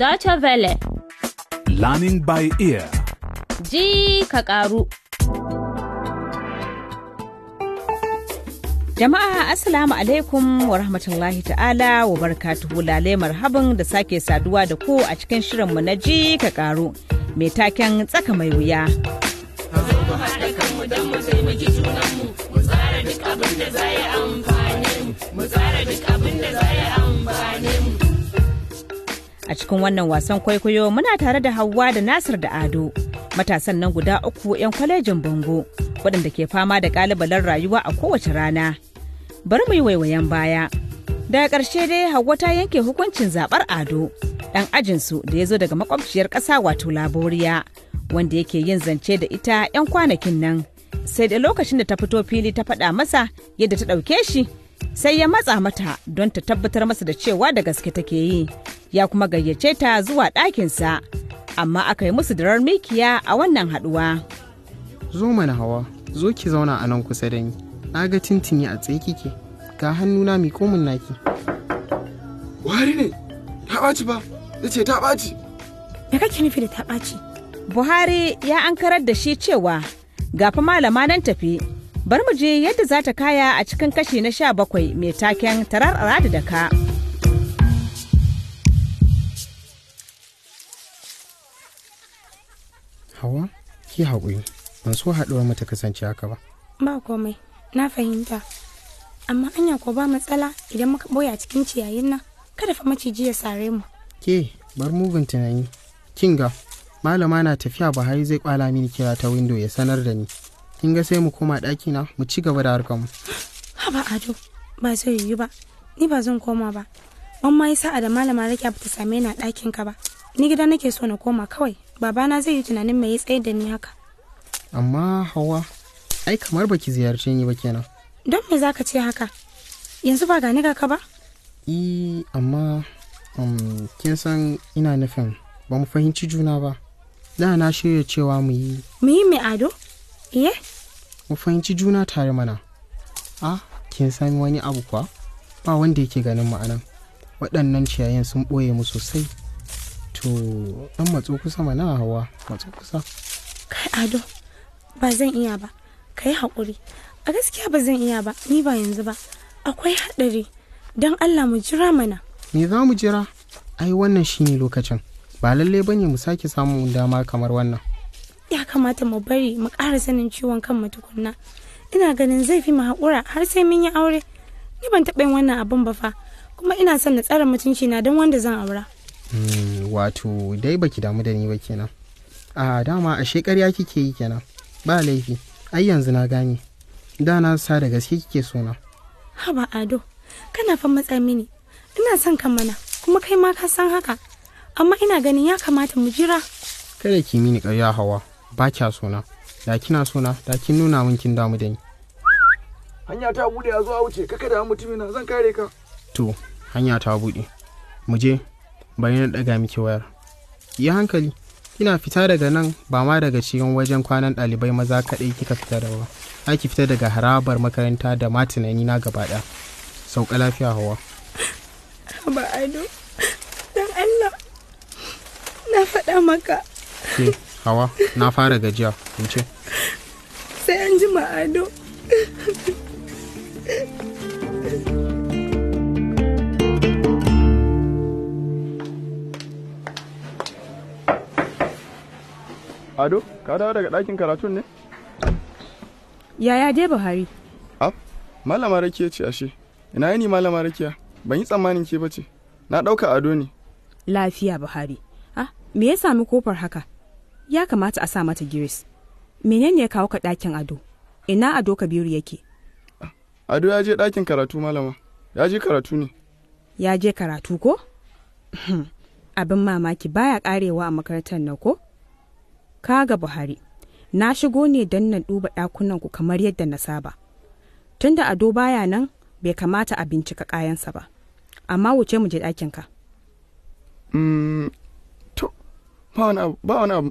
Deutsche Welle. Learning by ear. Ji ka karu. Jama'a Assalamu alaikum wa rahmatullahi ta'ala wa barakatuhu lalai marhaban da sake saduwa da ku a cikin shirinmu na ji ka karu mai taken tsaka mai wuya. Mu tsara duk abin da za yi amfani mu. A cikin wannan wasan kwaikwayo muna tare da Hauwa da Nasir da Ado, matasan nan guda uku 'yan kwalejin Bango, waɗanda ke fama da ƙalubalen rayuwa a kowace rana. Bari mu yi waiwayen baya. Daga ƙarshe dai Hauwa ta yanke hukuncin zaɓar Ado, ɗan ajinsu da ya zo daga makwabciyar ƙasa wato Laboriya, wanda yake yin zance da ita 'yan kwanakin nan. Sai da lokacin da ta fito fili ta faɗa masa yadda ta ɗauke shi sai ya matsa mata don ta tabbatar masa da cewa da gaske take yi ya kuma gayyace ta zuwa ɗakinsa amma aka yi musu dirar mikiya a wannan haɗuwa. zo mana hawa zo ki zauna a nan kusa da ni na ga tintini a tsaye kike ga hannuna mi komin naki buhari ne ta ɓaci ba ta ce ta ɓaci me kake nufi da ta ɓaci buhari ya ankarar da shi cewa gafi malama nan tafi Bar mu je yadda za ta kaya a cikin kashi na sha bakwai mai taken tarar da ka. Hawa, ki haƙuri, ban so haɗuwar mu ta kasance haka ba. Ba komai, na fahimta. Amma anya ko ba matsala idan muka ɓoye cikin ciyayin nan, kada fa maciji ya sare mu. Ke, bar mugun tunani. Kinga, malama na tafiya Buhari zai kwala mini kira ta windo ya sanar da ni. kin ga sai mu koma ɗaki na mu ci gaba da harkar mu haba ado ba zai yiwu ba ni ba zan koma ba amma ya sa'a da malama rake ba ta same ni a ɗakin ka ba ni gida nake so na koma kawai babana zai yi tunanin me ya tsaye da ni haka amma hawa ai kamar baki ziyarce ni ba kenan don me zaka ce haka yanzu ba gani ka ba i amma um, kin san ina nufin ba mu fahimci juna ba da na shirya cewa mu yi mu yi mai ado iye mu fahimci juna tare mana a kin sami wani abu kuwa ba wanda yake ganin ma'ana anan waɗannan ciyayin sun ɓoye mu sosai to ɗan matso kusa mana hawa matso kusa kai ado ba zan iya ba ka yi haƙuri a gaskiya ba zan iya ba ni ba yanzu ba akwai haɗari don allah mu jira mana me za mu jira ai wannan shine lokacin ba lallai bane mu sake samun dama kamar wannan ya kamata mu bari mu ƙara sanin ciwon kan matukunna ina ganin zai fi mu haƙura har sai mun yi aure ni ban taɓa yin wannan abin ba fa kuma ina son na tsara mutunci na don wanda zan aura hmm, wato dai baki damu da ni ba kenan a dama ashe ƙarya kike yi kenan ba laifi ai yanzu na gane da na sa da gaske kike so na haba ado kana fa matsa mini ina son ka mana kuma kai ma ka san haka amma ina ganin ya kamata mu jira kada ki mini ƙarya hawa ba kya sona da kina sona da kin nuna min kin damu da ni hanya ta bude a zo a wuce kaka da mutumi na zan kare ka to hanya ta bude mu je bari na daga miki wayar yi hankali kina fita daga nan ba ma daga cikin wajen kwanan ɗalibai maza kaɗai kika fita da ba ki fita daga harabar makaranta da ma tunani na gaba daya sauka lafiya hawa ba ado dan allah na faɗa maka hawa na fara gajiya in ce sai an ji ma'ado ado ka dawo daga ɗakin karatun ne yaya dai buhari ab malama rakiya ce ashe ina ni malama rakiya ban yi tsammanin ke bace na ɗauka ado ne lafiya buhari ah me ya sami kofar haka ya kamata a sa mata giris menene ya kawo ka ɗakin ado ina ado kabiru yake ado ya je ɗakin karatu malama ya je karatu ne ya je karatu ko hmm. abin mamaki baya karewa a makarantar nan ko kaga buhari na shigo ne don na duba ɗakunan ku kamar yadda na saba tunda ado baya nan bai kamata a bincika kayansa ba amma wuce mu je ɗakinka mm, ba wani abu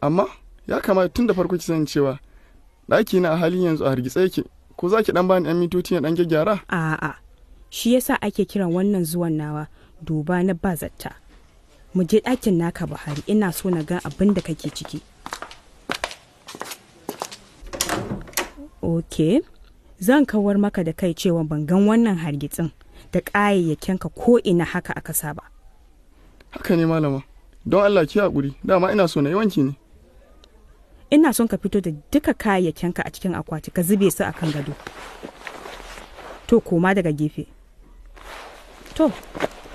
amma ya kamata tun da farko ki sani cewa ɗaki na a halin yanzu a hargitsa yake ko za ki dan bani 'yan mitoci na dan gyara? A'a, shi yasa ake kiran wannan zuwan nawa duba na ba bazatta. Mu je ɗakin naka Buhari ina so na ga abin da kake ciki. Ok, zan kawar maka da kai cewa ban gan wannan hargitsin da ƙayayyakinka ko ina haka aka saba. Haka ne malama, don Allah ki haƙuri, dama ina so na yi wanki ne. ina son ka fito da duka kayayyakinka a cikin akwati ka zube su akan gado to koma daga gefe to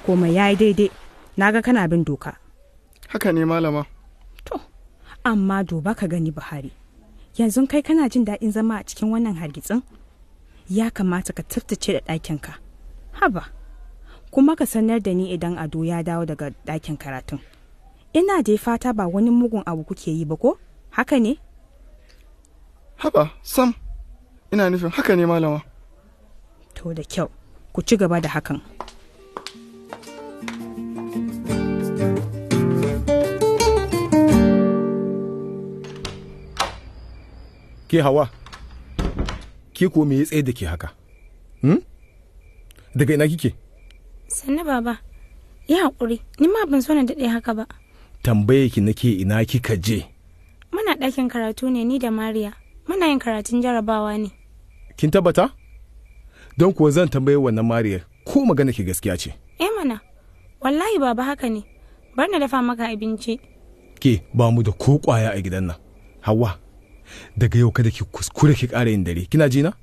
koma ya yi daidai na ga kana bin doka haka ne malama to amma duba ka gani buhari yanzu kai kana jin daɗin zama a cikin wannan hargitsin ya kamata ka tsaftace da ɗakinka haba kuma ka sanar da ni idan ado ya dawo daga ɗakin karatun ina da fata ba wani mugun abu kuke yi ba ko haka ne? Haba, Sam, ina nufin haka ne malama. To da kyau, ku ci gaba da hakan. Ke hawa, ke ko me ya tsaye da ke haka? Hmm? Daga ina kike? Sannu baba, yi haƙuri, ni ma ban so na daɗe haka ba. Tambaye ki nake ina kika je. wannan ɗakin karatu ne ni da Mariya. Muna yin karatun jarabawa ne. Kin tabbata? Don kuwa zan tambaye wannan Mariya ko magana ke gaskiya ce. Eh mana, wallahi baba haka ne. Bar na dafa maka abinci. Ke ba mu da ko kwaya a gidan nan. Hawa, daga yau kada ki kuskure ki ƙara yin dare. Kina ji na?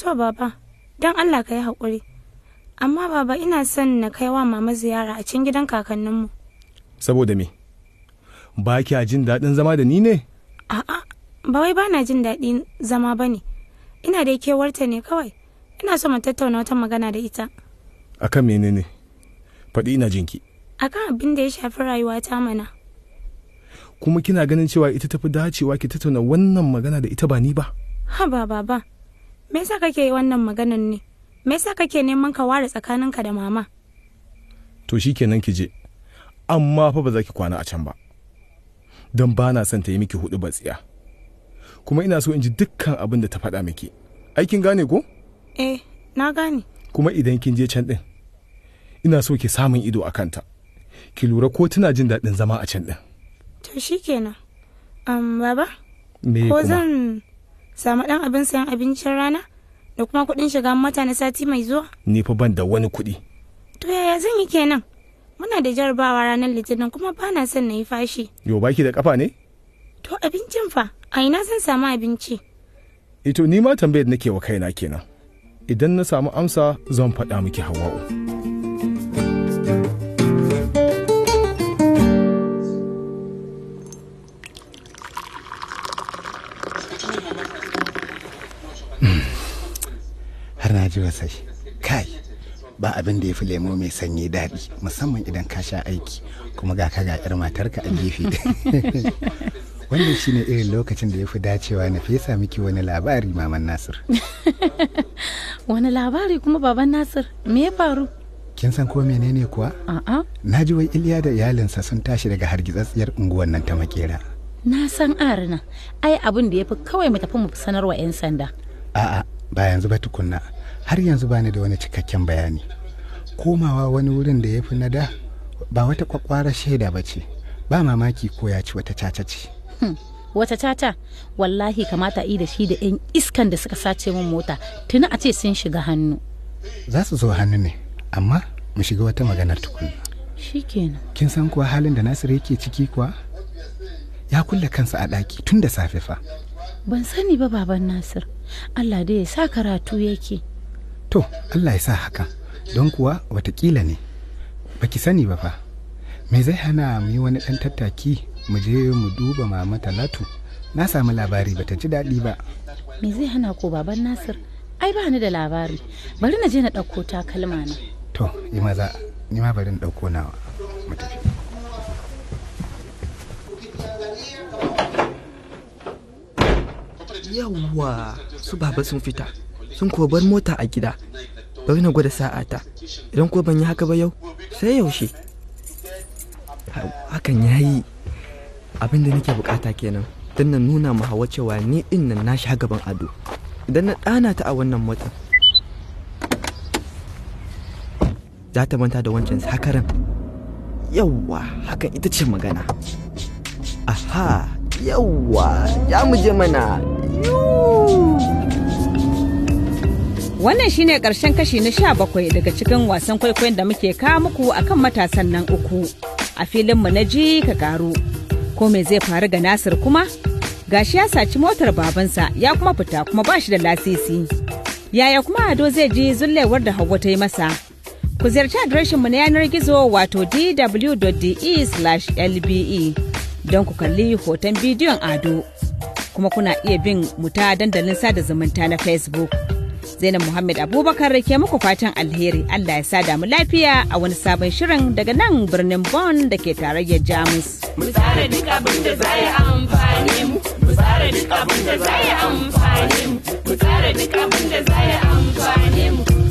To baba, don Allah ka yi haƙuri. Amma baba ina son na kai wa mama ziyara a cikin gidan kakanninmu. Saboda me? Ba kya jin daɗin zama da ni ne? a'a ba wai bana jin daɗin zama ba ne ina da kewarta ne kawai ina so mu tattauna wata magana da ita akan menene faɗi ina jinki akan abin da ya shafi rayuwa ta mana kuma kina ganin cewa ita tafi dacewa ki tattauna wannan magana da ita ba ni ba haba baba me yasa kake wannan maganan ne me yasa kake neman ka ware tsakaninka da mama to shikenan ki je amma fa ba za ki kwana a can ba don ba na son ta yi miki hudu batsiya kuma ina so in ji dukkan abin da ta faɗa miki aikin gane ko eh na gane kuma idan kin je can din ina so ki samun ido a kanta ki lura ko tana jin daɗin zama a can din to shikenan um, baba ko zan samu ɗan abin sayan abincin rana da kuma kuɗin shiga mata na sati mai zuwa ni fa ban da wani kuɗi to yaya zan yi kenan muna da jarabawa ranar litinin kuma ba na son na yi fashi yo baki da kafa ne to abincin fa a ina zan samu abinci ito ni ma tambayar nake wa kaina kenan idan na samu amsa zan faɗa miki hawa'u hmm. har na ji wasai ba abin da ya fi lemo mai sanyi daɗi musamman idan ka sha aiki kuma ga ka ga 'yar matarka a gefe wannan shi ne irin lokacin da ya fi dacewa na fesa miki wani labari maman nasir wani labari kuma baban nasir me ya faru kin san ko menene kuwa a'a na ji wai iliya da iyalinsa sun tashi daga hargitsatsiyar unguwan nan ta makera na san arina ai abin da ya fi kawai mu tafi mu sanarwa 'yan sanda a'a ba yanzu ba tukunna har yanzu bani da wani cikakken bayani komawa wani wurin da ya fi na da ba wata kwakwara shaida ba ce ba mamaki ko ya ci wata caca ce hmm, wata caca wallahi kamata i da shi da 'yan iskan da suka sace min mota tuni a ce sun shiga hannu za su zo hannu ne amma mu shiga wata maganar tukuna shikenan kin san kuwa halin da nasiru yake ciki kuwa ya kulle kansa a ɗaki tun da safe fa ban sani ba baban nasir allah dai ya sa karatu yake to allah ya sa haka don kuwa watakila ne ba ki sani ba fa me zai hana mu yi wani ɗan tattaki mu je mu duba mama talatu na samu labari ba ta ji daɗi ba me zai hana ko baban nasir ai ba ni da labari bari na je na ɗauko takalma na to yi maza ni ma bari na ɗauko nawa mu tafi yawwa su baba sun fita sun kuwa bar mota a gida bari na gwada sa'ata idan kuwa ban yi haka ba yau sai yaushe hakan ya yi abin nake bukata kenan don na nuna ma hawa cewa ni din nan na sha gaban ado idan na ɗana ta a wannan motsin. za ta manta da wancan sakaran yawwa hakan ita ce magana aha yawwa ya muje mana yuuu Wannan shine ƙarshen kashi na sha bakwai daga cikin wasan kwaikwayon da muke kawo muku akan matasan nan uku. A filinmu na ji ka karu. Ko me zai faru ga Nasir kuma? Gashi ya saci motar babansa ya kuma fita kuma ba shi da lasisi. Yaya kuma Ado zai ji zullewar da Hauwa ta yi masa? Ku ziyarci mu na yanar gizo wato dw.de/lbe e don ku kalli hoton bidiyon Ado. Kuma kuna iya bin mu ta dandalin sada zumunta na Facebook. Zainab Muhammad Abubakar ke muku fatan alheri Allah ya sa damu lafiya a wani sabon shirin daga nan birnin Bonn da ke tarayyar Jamus. Mu tsara duk abin da za ya amfani mu, mu tsara duk abin da za ya amfani mu, mu tsara duk abin da za ya amfani mu.